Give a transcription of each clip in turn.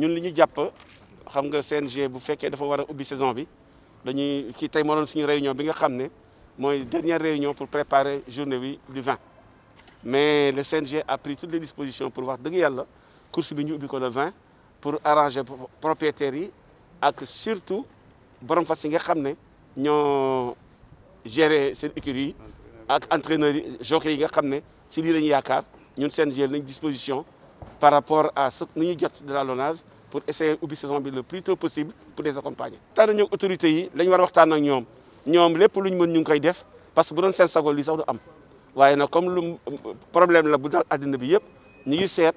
ñun li ñu jàpp xam nga CNG bu fekkee dafa war a ubbi saison bi dañuy ki tey moo doon suñu réunion bi nga xam ne mooy dernière réunion pour préparer journée bi du 20 mais le CNG a pris toutes les dispositions pour wax dëgg yàlla course bi ñu ubbi ko le 20 pour arranger propriétaires yi ak surtout borom fas yi nga xam ne ñoo gérer seen écurie ak entraîneurs yi jockey yi nga xam ne si lii la ñu yaakaar ñun CNG nañ disposition par rapport à ce que nous avons de la LONASE pour essayer d'ouvrir zombies le plus tôt possible pour les accompagner. Tant que les autorités, nous devons parler avec Nous devons faire tout nous que nous pouvons parce que nous avons 5 secondes, nous avons. Mais comme le problème est la le monde, nous devons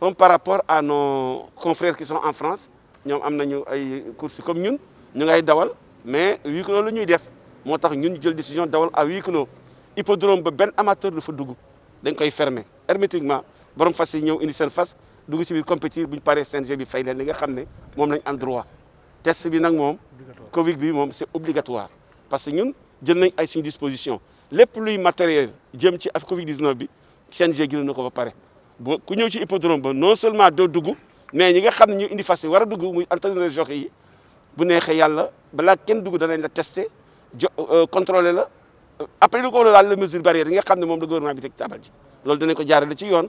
comme par rapport à nos confrères qui sont en France, nous avons des courses comme nous, nous avons des mais huis clos la ñuy def moo tax ñun jël décision dawal à huis clos hippodrome ba benn amateur du fa donc dañ koy hermétiquement borom fas yi ñëw indi seen fas dugg ci biir compétir bu paré paree CNG bi fay leen li nga xamné mom lañ am droit test bi nak mom Covid bi mom c'est obligatoire parce que ñun jël nañ ay suñu disposition lepp luy matériel jëm ci af Covid 19 bi CNG jël na nako ba paré boo ku ñëw ci hippodrome ba non seulement do dugg mais ñi nga xamné ñu indi fas yi war a dugg muy entraîneur jockey yi bu neexee yàlla balaa kenn dugg dañ la testé euh, contrôler la après lu ko war a la mesure barrière nga xamné mom le gouvernement bi tek tabal ci lolou dañ ko jaarale ci yoon